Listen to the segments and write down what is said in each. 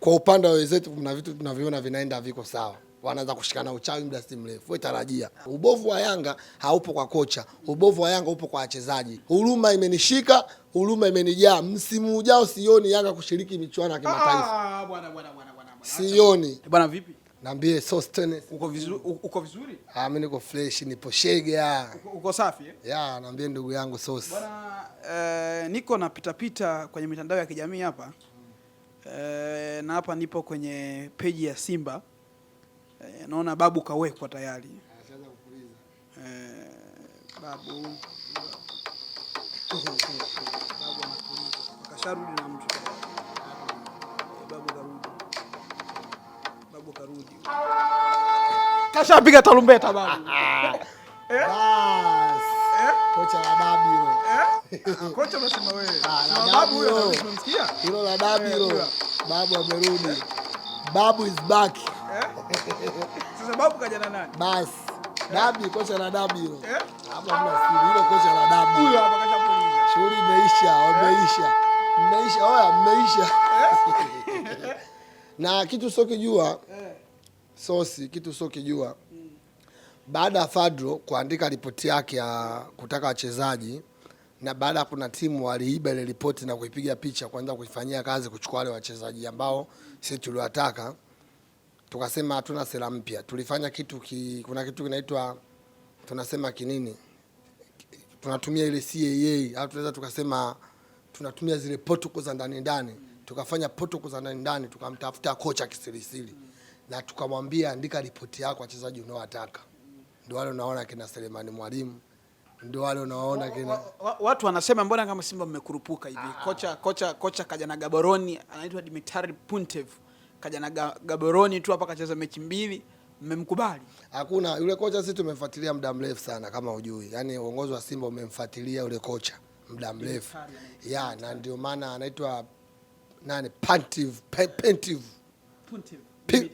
kwa upande wa wenzetu kuna vitu tunavyoona vinaenda viko sawa, wanaanza kushikana uchawi muda si mrefu. tarajia, ubovu wa Yanga haupo kwa kocha, ubovu wa Yanga upo kwa wachezaji. Huruma imenishika, huruma imenijaa. Msimu ujao sioni Yanga kushiriki michuano ya kimataifa. Ah, bwana bwana bwana bwana, sioni eh, bwana. Vipi niambie, Sosten, uko vizuri? Uko vizuri? Ah, mimi niko fresh, nipo shega. Ah. Uko, uko safi eh? Ya, niambie ndugu yangu Sos bwana. eh, niko napitapita kwenye mitandao ya kijamii hapa Eh, na hapa nipo kwenye peji ya Simba e, naona babu kawekwa tayari e, babu kasharudi na mtu babu karudi, babu karudi, kashapiga tarumbeta babu kocha la dabi hilo. Eh? Kocha unasema wewe. Ah, babu huyo unamsikia? Hilo la dabi eh, hilo. Babu amerudi. Babu is back. Eh? Sasa babu kaja na nani? Bas. Eh? Dabi kocha la dabi hilo. Eh? Hapo hamna hilo kocha la dabi. Huyo hapa kaja kashapuliza. Shughuli imeisha, wameisha. Eh? Mmeisha, oya mmeisha. Na kitu sio kijua. Sosi kitu sio kijua baada ya Fadro kuandika ripoti yake ya kutaka wachezaji na baada kuna timu waliiba ile ripoti na kuipiga picha kwanza kuifanyia kazi kuchukua wale wachezaji ambao sisi tuliwataka, tukasema hatuna sera mpya. Tulifanya kitu ki, kuna kitu kinaitwa tunasema kinini, tunatumia ile CAA au tunaweza tukasema tunatumia zile protocol za ndani ndani, tukafanya protocol za ndani ndani, tukamtafuta kocha kisirisiri na tukamwambia andika ripoti yako wachezaji unaowataka ndio wale unaona kina Selemani Mwalimu, ndio wale unaona kina watu wanasema mbona kama Simba mmekurupuka hivi. Ah. Kocha kocha kocha kaja na Gaboroni, anaitwa Dimitari Puntev, kaja na Gaboroni tu hapa kacheza mechi mbili, mmemkubali? Hakuna yule kocha, sisi tumemfuatilia muda mrefu sana, kama hujui, yani uongozi wa Simba umemfuatilia yule kocha muda mrefu ya na ndio maana anaitwa nani, Pantiv Pentiv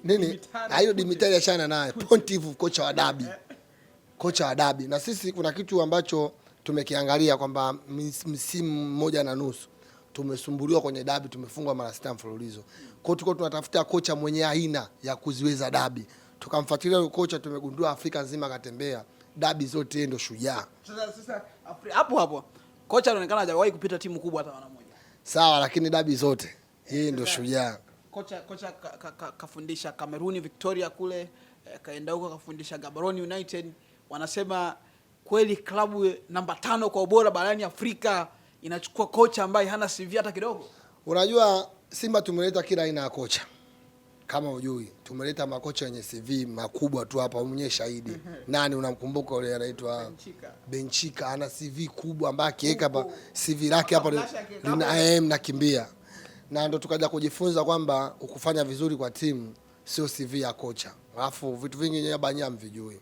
nini, ah, hiyo Dimitari ashana naye Pontiv, kocha wa dabi yeah kocha wa dabi, na sisi kuna kitu ambacho tumekiangalia kwamba msimu mmoja na nusu tumesumbuliwa kwenye dabi, tumefungwa mara sita mfululizo. Kwa hiyo tulikuwa tunatafuta kocha mwenye aina ya kuziweza dabi, tukamfuatilia huyo kocha, tumegundua Afrika nzima katembea dabi zote, ndio shujaa. Sasa hapo hapo kocha anaonekana hajawahi kupita timu kubwa hata mara moja, sawa, lakini dabi zote yeye eh, ndio shujaa. Kocha kocha kafundisha ka, ka, ka Kameruni Victoria kule, eh, kaenda huko kafundisha Gaborone United wanasema kweli klabu namba tano kwa ubora barani Afrika inachukua kocha ambaye hana CV hata kidogo. Unajua Simba tumeleta kila aina ya kocha, kama ujui, tumeleta makocha wenye CV makubwa tu hapa, mwenye shahidi mm -hmm. Nani unamkumbuka yule anaitwa Benchika. Benchika ana CV kubwa ambaye akiweka hapa CV lake hapa lina nakimbia, eh, na ndo tukaja kujifunza kwamba ukufanya vizuri kwa timu sio CV ya kocha, alafu vitu vingi nyabanyamvijui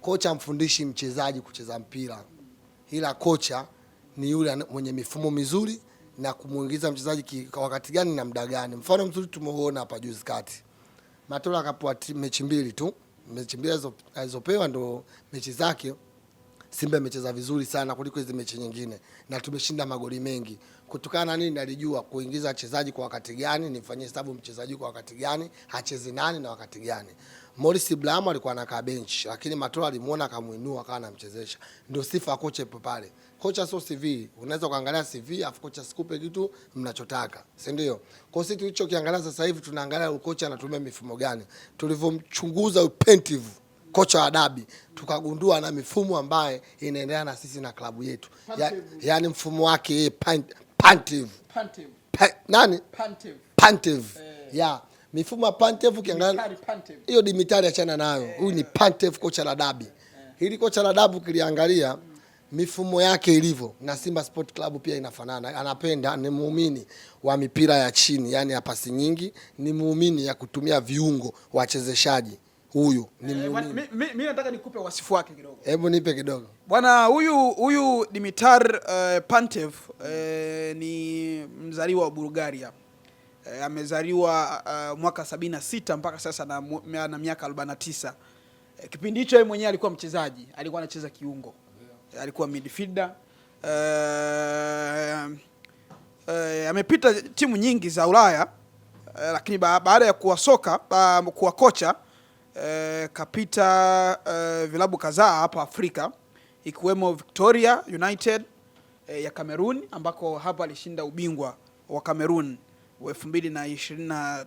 Kocha mfundishi mchezaji kucheza mpira, ila kocha ni yule mwenye mifumo mizuri na kumuingiza mchezaji kwa wakati gani na muda gani. Mfano mzuri tumeuona hapa juzi kati, Matola akapewa mechi mbili tu, mechi mbili alizopewa ndo mechi zake. Simba imecheza vizuri sana kuliko hizo mechi nyingine na tumeshinda magoli mengi. Kutokana na nini? Alijua kuingiza wachezaji kwa wakati gani, nifanyie hesabu mchezaji kwa wakati gani, acheze nani na wakati gani. Morris Abraham alikuwa anakaa bench, lakini Matola alimuona akamuinua akawa anamchezesha. Ndio sifa kocha ipo pale. Kocha sio CV. Unaweza kuangalia CV afu kocha sikupe kitu mnachotaka, si ndio? Kwa sisi tulichokiangalia sasa hivi tunaangalia kocha anatumia mifumo gani. Tulivyomchunguza upentive kocha wa dabi tukagundua na mifumo ambaye inaendelea na sisi na klabu yetu ya, yaani mfumo wake yeye pantive. Pantive. Pa, nani? Pantive. Pantive. Eh. Yeah mifumo ya Pantev ukiangalia hiyo Dimitari achana nayo, eh. huyu yeah. ni Pantev, kocha la dabi yeah. hili. Kocha la dabi ukiliangalia mifumo yake ilivyo na Simba Sport Club pia inafanana. Anapenda, ni muumini wa mipira ya chini, yani ya pasi nyingi, ni muumini ya kutumia viungo wachezeshaji. Huyu ni eh, muumini. Mimi nataka nikupe wasifu wake kidogo, hebu nipe kidogo bwana. Huyu huyu Dimitar uh, Pantev uh, ni mzaliwa wa Bulgaria eh, amezaliwa uh, mwaka sita mpaka sasa na, na miaka 49. eh, kipindi hicho yeye mwenyewe alikuwa mchezaji, alikuwa anacheza kiungo, eh, alikuwa midfielder eh, eh, amepita timu nyingi za Ulaya eh, lakini ba, baada ya kuwa soka ba, kuwa kocha eh, kapita eh, vilabu kadhaa hapa Afrika ikiwemo Victoria United eh, ya Kamerun ambako hapa alishinda ubingwa wa Cameroon wa elfu mbili na ishirini na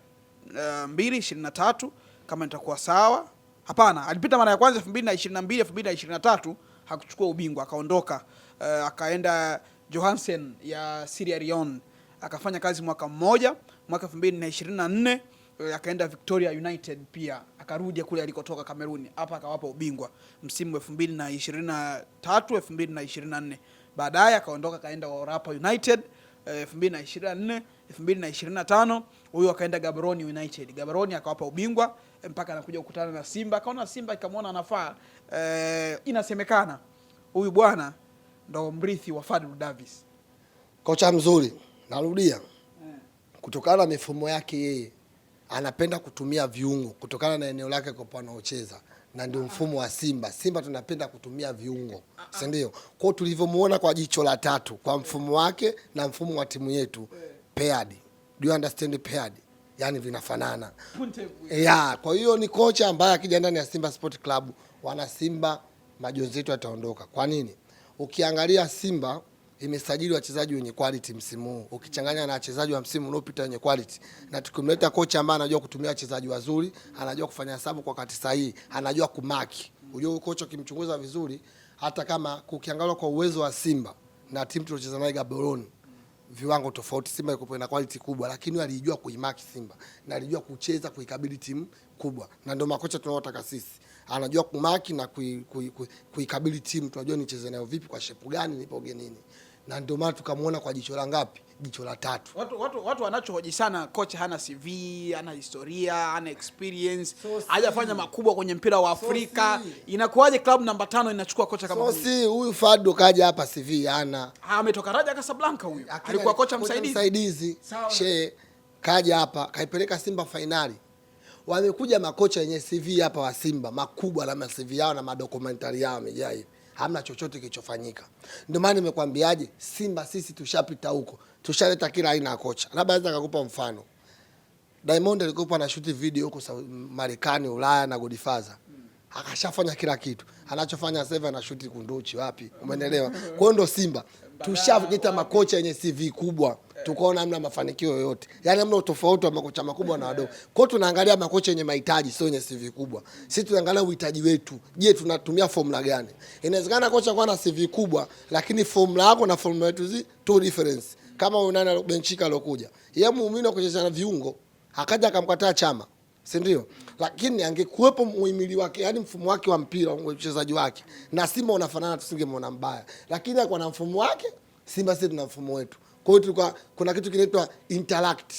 eh, mbili ishirini na tatu kama nitakuwa sawa. Hapana, alipita mara ya kwanza elfu mbili na ishirini na mbili elfu mbili na ishirini na tatu hakuchukua ubingwa akaondoka, uh, akaenda Johansen ya Sierra Leone akafanya kazi mwaka mmoja. Mwaka elfu mbili na ishirini na nne eh, akaenda Victoria United pia akarudi kule alikotoka Kameruni, hapa akawapa ubingwa msimu elfu mbili na ishirini na tatu elfu mbili na ishirini na nne Baadaye akaondoka akaenda Orapa United elfu mbili na ishirini na nne 2025 huyu akaenda Gaborone United. Gaborone akawapa ubingwa eh, mpaka anakuja kukutana na Simba, akaona Simba ikamwona anafaa. E, inasemekana huyu bwana ndo mrithi wa Fadlu Davis, kocha mzuri, narudia yeah. Kutokana na mifumo yake yeye anapenda kutumia viungo kutokana na eneo lake kwa anaocheza na ndio ah. mfumo wa Simba. Simba tunapenda kutumia viungo, ah, ah. si ndio? Kwao tulivyomuona kwa jicho la tatu kwa mfumo wake na mfumo wa timu yetu eh paired. Do you understand paired? Yani vinafanana yeah. Eh, kwa hiyo ni kocha ambaye akija ndani ya Simba Sport Club, wana Simba majonzi yetu yataondoka. Kwa nini? Ukiangalia Simba imesajili wachezaji wenye quality msimu huu ukichanganya na wachezaji wa msimu uliopita wenye quality, na tukimleta kocha ambaye anajua kutumia wachezaji wazuri, anajua kufanya hesabu kwa wakati sahihi, anajua kumaki. Unajua huyo kocha ukimchunguza vizuri, hata kama kukiangalia kwa uwezo wa Simba na timu tuliocheza naye Gaborone viwango tofauti. Simba ilikuwa ina quality kubwa, lakini alijua kuimaki Simba na alijua kucheza kuikabili timu kubwa, na ndio makocha tunaotaka sisi. Anajua kumaki na kuikabili kui, kui, kui timu, tunajua nicheze nayo vipi, kwa shepu gani, nipoge nini, na ndio maana tukamwona kwa jicho la ngapi jicho la tatu. Watu, watu, watu wanachohoji sana kocha hana CV, hana historia, hana experience, hajafanya makubwa kwenye mpira wa Afrika. So inakuwaje klabu namba tano inachukua kocha kama huyu? So si huyu Fadu kaja hapa CV hana. Ha, ah, ametoka Raja Casablanca huyu. Alikuwa kocha msaidizi. Msaidizi. She kaja hapa kaipeleka Simba fainali. Wamekuja makocha wenye CV hapa wa Simba makubwa, na CV yao na madokumentari yao yamejaa hamna chochote kilichofanyika. Ndio maana nimekwambiaje, Simba sisi tushapita huko, tushaleta kila aina ya kocha. Labda naweza kukupa mfano, Diamond alikuwa anashuti video huko Marekani, Ulaya na Godfather akashafanya kila kitu anachofanya sasa hivi anashuti kunduchi wapi, umeelewa? Kwa hiyo ndo Simba tushaleta makocha yenye CV kubwa tukaona namna mafanikio yoyote, yaani namna utofauti wa makocha makubwa na wadogo. Kwa tunaangalia makocha yenye mahitaji, sio yenye CV kubwa. Sisi tunaangalia uhitaji wetu, je, tunatumia formula gani? Inawezekana kocha kwa na CV kubwa, lakini formula yako na formula yetu zi two difference. Kama wewe unana Benchika alokuja, yeye muumini wa kucheza na viungo, akaja akamkataa Chama, si ndio? Lakini angekuwepo muhimili wake, yani mfumo wake wa mpira, mchezaji wake na Simba unafanana, tusingemwona mbaya, lakini akawa na mfumo wake Simba sisi tuna mfumo wetu. Kwa hiyo tulikuwa kuna kitu kinaitwa interact,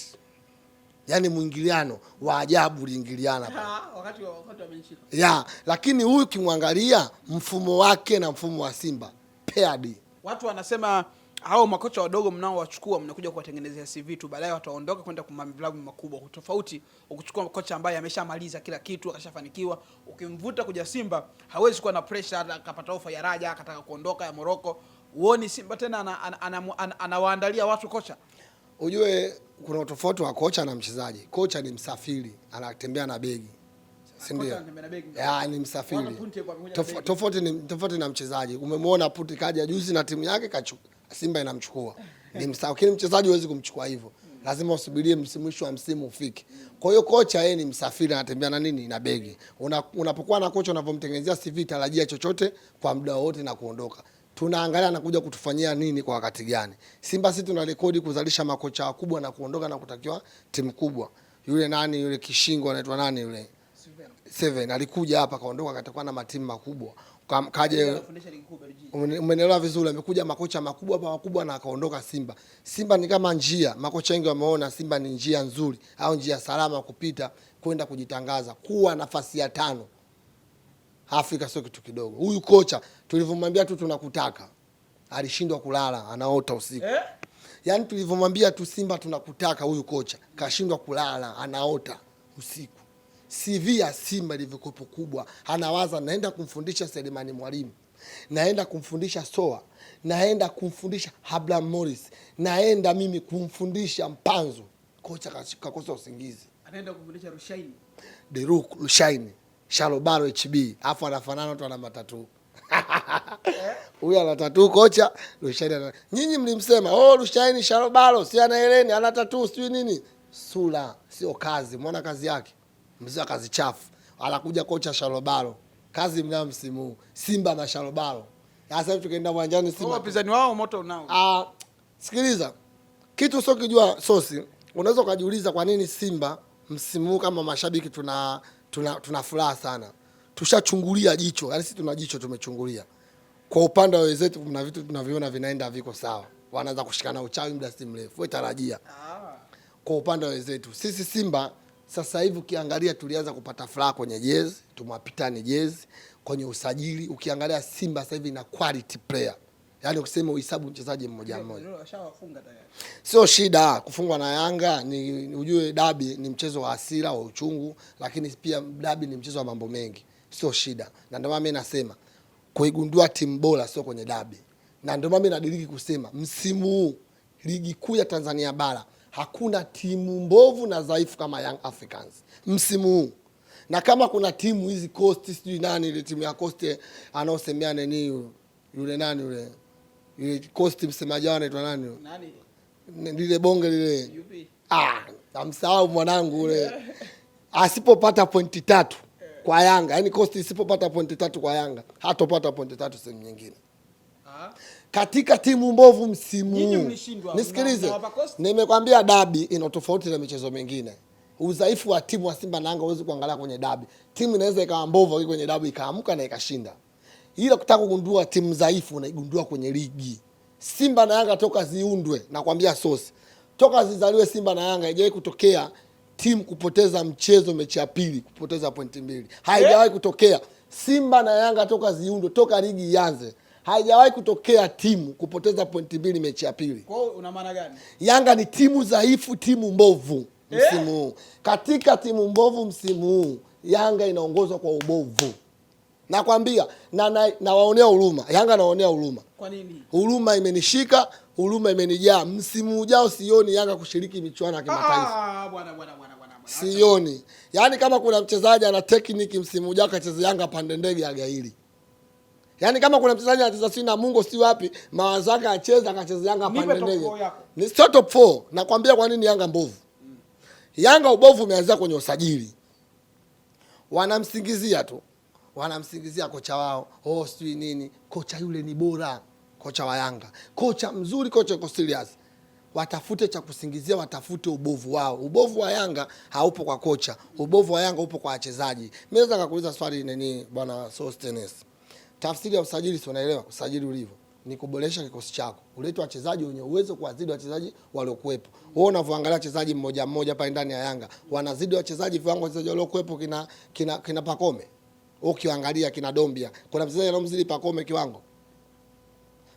yaani mwingiliano wa ajabu uliingiliana ah, wakati wakati wameshika yeah. Lakini huyu kimwangalia mfumo wake na mfumo wa Simba paired. Watu wanasema hao makocha wadogo mnaowachukua mnakuja kuwatengenezea CV tu, baadaye wataondoka kwenda kwa vilabu makubwa. Tofauti ukichukua kocha ambaye ameshamaliza kila kitu, akashafanikiwa, ukimvuta kuja Simba hawezi kuwa na pressure, akapata ofa ya Raja akataka kuondoka, ya Moroko uoni Simba tena anawaandalia ana, ana, ana, ana, ana watu kocha. Ujue kuna utofauti wa kocha na mchezaji. Kocha ni msafiri, anatembea na begi, sindio? Ya, Ni msafiri, tofauti ni tofauti na mchezaji. Umemwona Puti kaja juzi na timu yake kachu, Simba inamchukua ni msafiri. Mchezaji huwezi kumchukua hivyo, lazima usubirie msimu mwisho wa msimu ufike. Kwa hiyo kocha yeye ni msafiri, anatembea na nini na begi. Unapokuwa una na kocha, unavyomtengenezea CV, tarajia chochote kwa muda wote na kuondoka tunaangalia anakuja kutufanyia nini kwa wakati gani. Simba sisi tuna rekodi kuzalisha makocha wakubwa na kuondoka na kutakiwa timu kubwa. Yule nani yule kishingo anaitwa nani yule Seven alikuja hapa kaondoka, katakuwa na matimu makubwa Kaje umenelewa vizuri. Amekuja makocha makubwa hapa wakubwa na akaondoka Simba. Simba ni kama njia, makocha wengi wameona Simba ni njia nzuri au njia salama kupita kwenda kujitangaza kuwa nafasi ya tano. Afrika sio kitu kidogo. Huyu kocha tulivyomwambia tu tunakutaka, alishindwa kulala, anaota usiku eh? Yaani tulivyomwambia tu Simba tunakutaka, huyu kocha kashindwa kulala, anaota usiku. CV ya Simba ilivyokuwepo kubwa, anawaza naenda kumfundisha Selemani Mwalimu, naenda kumfundisha Soa, naenda kumfundisha Abraham Morris, naenda mimi kumfundisha Mpanzu. Kocha kakosa usingizi, anaenda kumfundisha Rushaini, Deruk Rushaini Shalobaro HB, afu anafanana tu ana matatu huyu ana tatu kocha Rushaini ana... nyinyi mlimsema oh, Rushaini Shalobaro si ana Eleni ana tatu sijui nini. Sura sio kazi, mwana kazi yake mzee wa kazi chafu. Anakuja kocha Shalobaro, kazi mnao msimu Simba na Shalobaro. Sasa hivi tukaenda uwanjani Simba, wapinzani wao moto nao. Ah, sikiliza kitu sio kijua sosi, unaweza ukajiuliza kwa nini Simba msimu kama mashabiki tuna tuna, tuna furaha sana, tushachungulia jicho, yani sisi tuna jicho tumechungulia kwa upande wa wenzetu. Kuna vitu tunaviona vinaenda viko sawa, wanaanza kushikana uchawi muda si mrefu, wewe tarajia. Kwa upande wa wenzetu sisi Simba sasa hivi ukiangalia, tulianza kupata furaha kwenye jezi, tumwapitani jezi kwenye usajili. Ukiangalia Simba sasa hivi ina quality player yaani ukisema uhesabu mchezaji mmoja yaani, mmoja sio shida. Kufungwa na Yanga ni ujue, dabi ni mchezo wa hasira wa uchungu, lakini pia dabi ni mchezo wa mambo mengi, sio shida. Na ndio maana mimi nasema kuigundua timu bora sio kwenye dabi, na ndio maana mimi nadiriki kusema msimu huu ligi kuu ya Tanzania bara hakuna timu mbovu na dhaifu kama Young Africans msimu huu na kama kuna timu hizi Coast sijui nani ile timu ya Coast anaosemea nini yule nani yule ile kosti msemaji wao anaitwa nani? Nani? Lile bonge lile. Ah, namsahau mwanangu ule. Asipopata pointi tatu kwa Yanga, yani kosti isipopata pointi tatu kwa Yanga, hatopata pointi tatu sehemu nyingine. Katika timu mbovu msimu. Nisikilize. Nimekwambia dabi ina tofauti na michezo mingine. Udhaifu wa timu wa Simba na Yanga huwezi kuangalia kwenye dabi. Timu inaweza ikawa mbovu kwenye dabi ikaamka na ikashinda ila kutaka kugundua timu dhaifu unaigundua kwenye ligi. Simba na Yanga toka ziundwe, nakwambia sosi, toka zizaliwe Simba na Yanga haijawahi kutokea timu kupoteza mchezo mechi ya pili kupoteza pointi mbili, haijawahi eh? kutokea. Simba na Yanga toka ziundwe, toka ligi ianze haijawahi kutokea timu kupoteza pointi mbili mechi ya pili. Kwa hiyo una maana gani? Yanga ni timu dhaifu, timu mbovu eh? msimu huu. Katika timu mbovu msimu huu Yanga inaongozwa kwa ubovu. Nakwambia na nawaonea na na huruma. Yanga nawaonea huruma. Kwa nini? Huruma imenishika, huruma imenijaa. Msimu ujao sioni Yanga kushiriki michuano ya ah, kimataifa. Ah, bwana bwana bwana bwana. Sioni. Yaani kama kuna mchezaji ana tekniki msimu ujao kacheza Yanga pande ndege ya agaili. Yaani kama kuna mchezaji anacheza sisi na Mungu si wapi, mawazo yake acheza akacheza Yanga pande ndege. Ni sio top 4. Nakwambia kwa nini Yanga mbovu? Hmm. Yanga ubovu umeanzia kwenye usajili. Wanamsingizia tu wanamsingizia kocha wao, oh sijui nini, kocha yule ni bora, kocha wa Yanga, kocha mzuri, kocha uko serious. Watafute cha kusingizia, watafute ubovu wao. Ubovu wa Yanga haupo kwa kocha, ubovu wa Yanga upo kwa wachezaji. Mimi naweza kukuuliza swali nini, bwana Sostenes, tafsiri ya usajili, si unaelewa usajili ulivyo ni kuboresha kikosi chako, ulete wachezaji wenye uwezo kuwazidi wachezaji waliokuwepo. Wewe unavyoangalia wachezaji mmoja mmoja pale ndani ya Yanga wanazidi wachezaji viwango wachezaji waliokuwepo kina, kina, kina Pakome ukiangalia kina Dombia, kuna mchezaji anamzidi Pacome kiwango,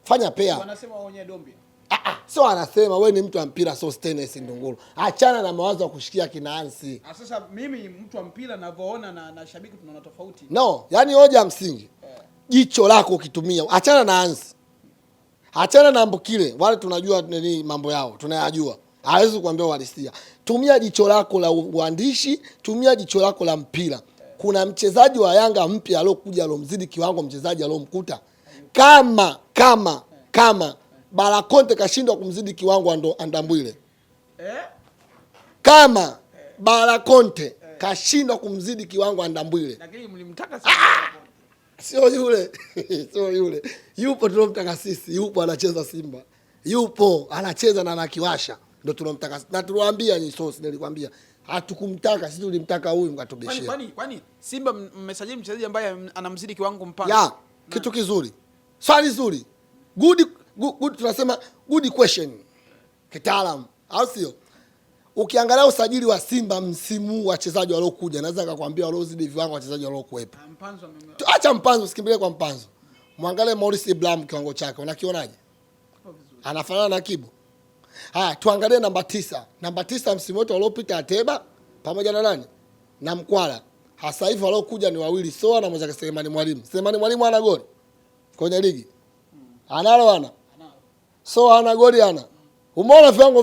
fanya pea. Wanasema waonye Dombia ah ah, sio anasema wewe ni mtu wa mpira, so stainless Ndunguru, achana na mawazo ya kushikia kina Hansi. Ah, Sasa mimi mtu wa mpira ninavyoona na, na shabiki tunaona tofauti. No, yani hoja msingi yeah. Jicho lako ukitumia, achana na Hansi. achana na Mbukile, wale tunajua nini mambo yao tunayajua hawezi kuambia uhalisia. Tumia jicho lako la uandishi, tumia jicho lako la mpira kuna mchezaji wa Yanga mpya aliokuja alomzidi kiwango mchezaji alomkuta, kama kama kama Barakonte kashindwa kumzidi kiwango ando Andambwile, eh? kama eh. Barakonte eh. kashindwa kumzidi kiwango Andambwile, lakini mlimtaka ah! sio yule sio yule, yupo tunomtaka sisi, yupo anacheza Simba, yupo anacheza na anakiwasha, ndo tunomtaka na tuliwaambia ni sosi, nilikwambia hatukumtaka sisi, tulimtaka huyu mkatubeshia. Kwani kwani Simba mmesajili mchezaji ambaye anamzidi kiwango mpana ya kitu kizuri, swali zuri, good, good, good, tunasema good question kitaalam, au sio? Ukiangalia usajili wa Simba msimu wachezaji waliokuja, naweza nikakwambia waliozidi viwango wachezaji waliokuwepo. Ah, acha Mpanzo, usikimbilie kwa Mpanzo, mwangalie Maurice Ibrahim, kiwango chake unakionaje? Anafanana na Kibu Haya, tuangalie namba tisa. Namba tisa msimu wote waliopita Ateba pamoja na nani na Mkwala, hasa hivi waliokuja ni wawili Soa na mwenzake Selemani Mwalimu. Selemani Mwalimu ana goli kwenye ligi analo ana Soa ana goli ana umeona viwango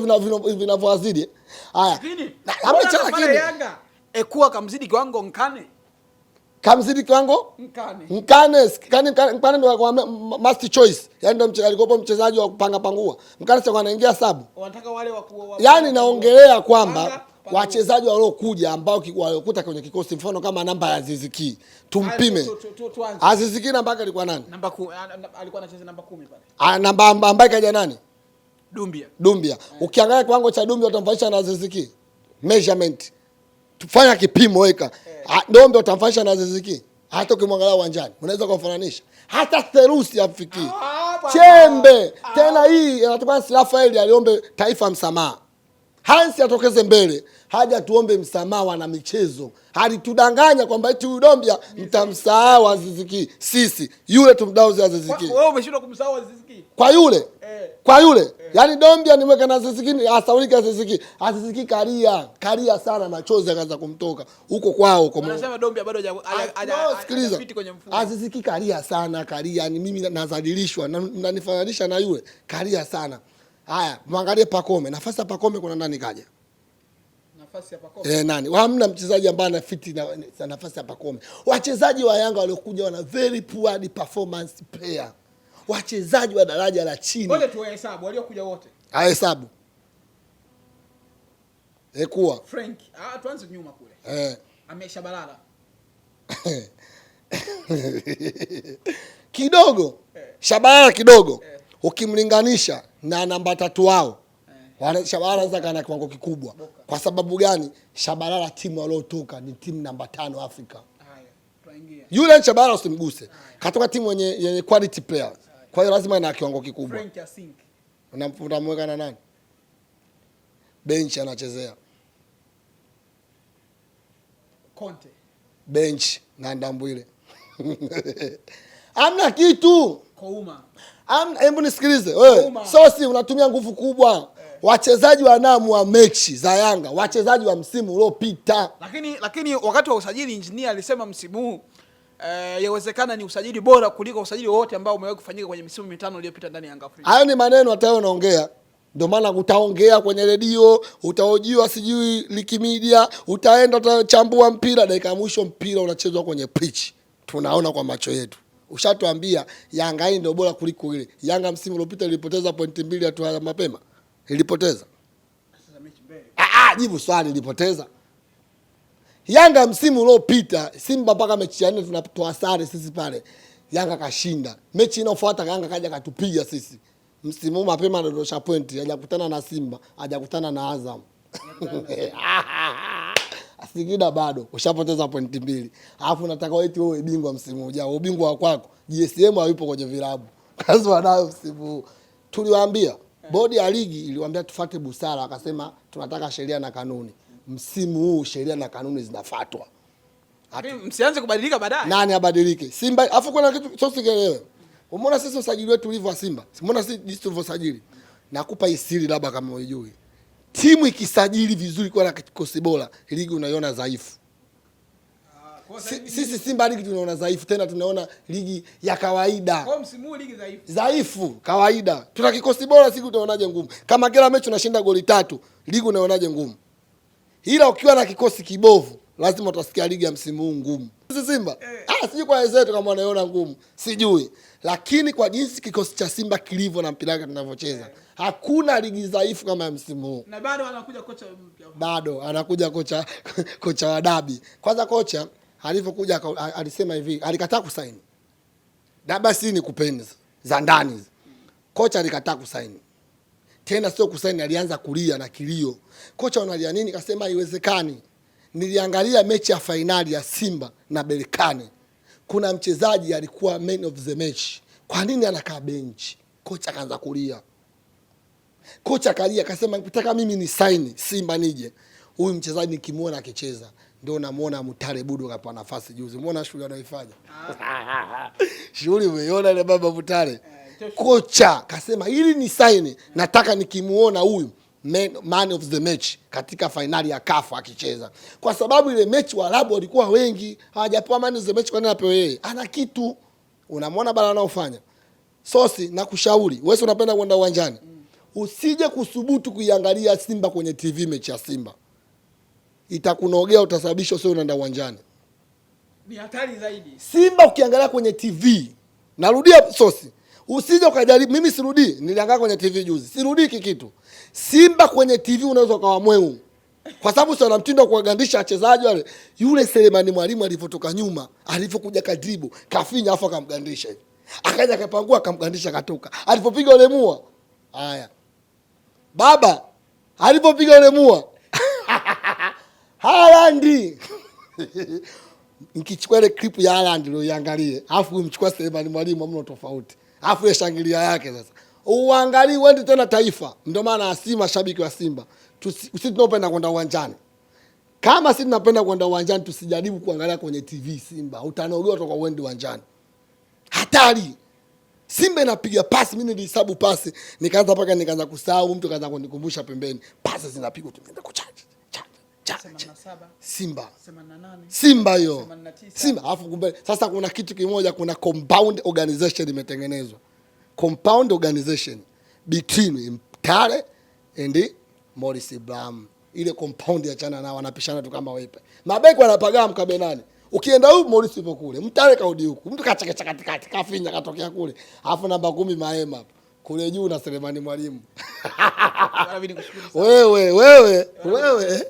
vinavyozidi? Eh? haya, amechana kile ekuwa kamzidi kiwango nkane Kamzidi kiwango mkane mkane mkane mkane ndo kwa must choice, yani ndo mchezaji alikopo mchezaji wa kupanga pangua mkane sasa anaingia sabu, wanataka wale wa yani, naongelea kwamba wachezaji waliokuja ambao waliokuta kwenye kikosi, mfano kama namba ya Aziziki tumpime. Aziziki namba yake alikuwa nani? Namba 10 alikuwa anacheza namba 10 pale, namba ambaye kaja nani? Dumbia, Dumbia. Eh. Ukiangalia kiwango cha Dumbia utamfanisha na Aziziki, measurement tufanya kipimo, weka eh. Ah, Dombe utamfanisha na Ziziki, hata ukimwangalia uwanjani unaweza kufananisha hata therusi amfikii ah, chembe ah. Tena hii inatokana si Rafaeli aliombe taifa msamaha, Hansi atokeze mbele, haja tuombe msamaha wana michezo. alitudanganya kwamba eti huyu Dombia mtamsahau Aziziki, sisi yule tumdauzi Aziziki. Wewe umeshindwa kumsahau Aziziki kwa yule eh, kwa yule eh. Yaani Dombi animweka na Ziziki, asaulika ah, Ziziki. Aziziki karia, karia sana machozi akaanza kumtoka huko kwao kwa Anasema Dombi bado ah, no, sikiliza mfumo. Aziziki karia sana, karia. yani mimi nazadilishwa, mnanifananisha na yule. Karia sana. Haya, mwangalie Pakome. Nafasi ya Pakome kuna nani kaja? Nafasi ya Pakome. Eh, nani? Hamna mchezaji ambaye ana na, na nafasi ya Pakome. Wachezaji wa Yanga waliokuja wana very poor performance player wachezaji wa daraja la chini. waliokuja wote. Ahesabu. Ekuwa. Frank, ah, tuanze nyuma kule. Eh. kidogo eh. Shabalala kidogo eh. Ukimlinganisha na namba tatu wao eh. Shabalala sasa kana kiwango kikubwa Boka. Kwa sababu gani? Shabalala timu waliotoka ni timu namba tano Afrika. Yule Shabalala usimguse, katoka timu yenye quality players kwa hiyo lazima na kiwango kikubwa. Unamweka na nani? Benchi anachezea Conte. Benchi na Ndambwile amna kitu. Hebu nisikilize wewe, Sosi, unatumia nguvu kubwa eh. Wachezaji wanaamua mechi za Yanga, wachezaji wa msimu uliopita, lakini, lakini wakati wa usajili injinia alisema msimu huu Uh, yawezekana ni usajili bora kuliko usajili wote ambao umewahi kufanyika kwenye misimu mitano iliyopita ndani ya Yanga Afrika. Hayo ni maneno atayo naongea. Ndio maana utaongea kwenye redio, utaojiwa sijui likimedia, utaenda utachambua mpira, dakika ya mwisho mpira unachezwa kwenye pitch. Tunaona kwa macho yetu. Ushatuambia Yanga hii ndio bora kuliko ile. Yanga msimu uliopita ilipoteza pointi mbili hatua mapema. Ilipoteza. Ah, ah, jibu swali ilipoteza. Yanga msimu uliopita Simba mpaka mechi ya nne tunatoa sare sisi pale, Yanga kashinda. Mechi inayofuata Yanga kaja katupiga sisi. Msimu huu mapema anadondosha pointi, hajakutana na Simba, hajakutana na Azam. Singida bado ushapoteza pointi mbili, alafu nataka eti wewe bingwa msimu ujao, ubingwa wa kwako GSM hayupo kwenye vilabu, kazi wanayo msimu huu. Tuliwaambia bodi ya ligi iliwaambia tufate busara, wakasema tunataka sheria na kanuni msimu huu sheria na kanuni zinafuatwa. Msianze kubadilika baadaye. Nani abadilike? Simba afu kuna kitu sio sikielewe. Umeona sisi usajili wetu ulivyo wa Simba. Umeona sisi jinsi tulivyosajili. Nakupa hii siri labda kama unajui. Timu ikisajili vizuri kwa na kikosi bora, ligi unaiona dhaifu. Si, sisi Simba ligi tunaona dhaifu, tena tunaona ligi ya kawaida. Kwa msimu huu ligi dhaifu. Dhaifu kawaida. Tuna kikosi bora, siku tunaonaje ngumu. Kama kila mechi tunashinda goli tatu, ligi unaonaje ngumu? ila ukiwa na kikosi kibovu lazima utasikia ligi ya msimu huu ngumu. Sisi Simba eh, ah, sijui kwa wenzetu kama wanaiona ngumu sijui, lakini kwa jinsi kikosi cha Simba kilivyo na mpira wake tunavyocheza eh, hakuna ligi dhaifu kama ya msimu huu, na bado anakuja kocha mpya, bado anakuja kocha kocha wa dabi. Kwanza kocha alivyokuja alisema hivi, alikataa kusaini dabi, si ni kupenda za ndani, kocha alikataa kusaini tena sio kusaini, alianza kulia na kilio. Kocha unalia nini? Kasema haiwezekani. Niliangalia mechi ya fainali ya Simba na Berkane, kuna mchezaji alikuwa man of the match, kwa nini anakaa benchi? Kocha akaanza kulia, kocha akalia, akasema nataka mimi ni saini Simba nije huyu mchezaji nikimuona akicheza ndio namuona Mutare Budo kapewa nafasi juzi. Muona shughuli anaifanya ah. shughuli, umeiona ile baba Mutare eh kocha kasema hili ni saini, nataka nikimuona huyu man, man of the match katika fainali ya kafu akicheza, kwa sababu ile mechi Waarabu walikuwa wengi hawajapewa man of the match. Kwa nini apewe yeye? Ana kitu. Unamwona bala anaofanya sosi. Na kushauri wewe, unapenda kwenda uwanjani, usije kusubutu kuiangalia Simba kwenye TV. Mechi ya Simba itakunogea, utasababisha usio unaenda uwanjani. Ni hatari zaidi Simba ukiangalia kwenye TV. Narudia sosi Usije ukajaribu. Mimi sirudii, niliangaa kwenye TV juzi, sirudii kikitu. Simba kwenye TV unaweza ukawa mweu, kwa sababu sio na mtindo wa kuwagandisha wachezaji wale. Yule Selemani Mwalimu alivyotoka nyuma, alivyokuja kadribu, kafinya afu akamgandisha hivi, akaja akapangua, akamgandisha katoka. Alipopiga yule mua, haya baba, alipopiga yule mua Haalandi nkichukua ile clip ya Haalandi ndio iangalie, alafu mchukua Selemani Mwalimu, amna tofauti afu ya shangilia yake sasa. Uangalie wendi tena taifa. Ndio maana asi mashabiki wa Simba. si tunapenda kwenda uwanjani. Kama si tunapenda kwenda uwanjani tusijaribu kuangalia kwenye TV Simba. Utanogewa toka uende uwanjani. Hatari. Simba inapiga pasi, mimi nilihesabu pasi, nikaanza paka nikaanza kusahau, mtu kaanza kunikumbusha pembeni. Pasi zinapigwa tumeenda kuchaji. Simba Simba hiyo Simba, alafu kumbe sasa kuna kitu kimoja, kuna compound organization imetengenezwa, compound organization between Mtare and Morris Ibrahim. Ile compound ya chana nao wanapishana tu kama wepe, mabeki wanapagaa mkabe nani, ukienda huyu Morris yupo kule, Mtare kaudi huku, mtu kachakacha katikati kafinya katokea kule, alafu namba kumi Maema kule juu na Selemani Mwalimu wewe wewe wewe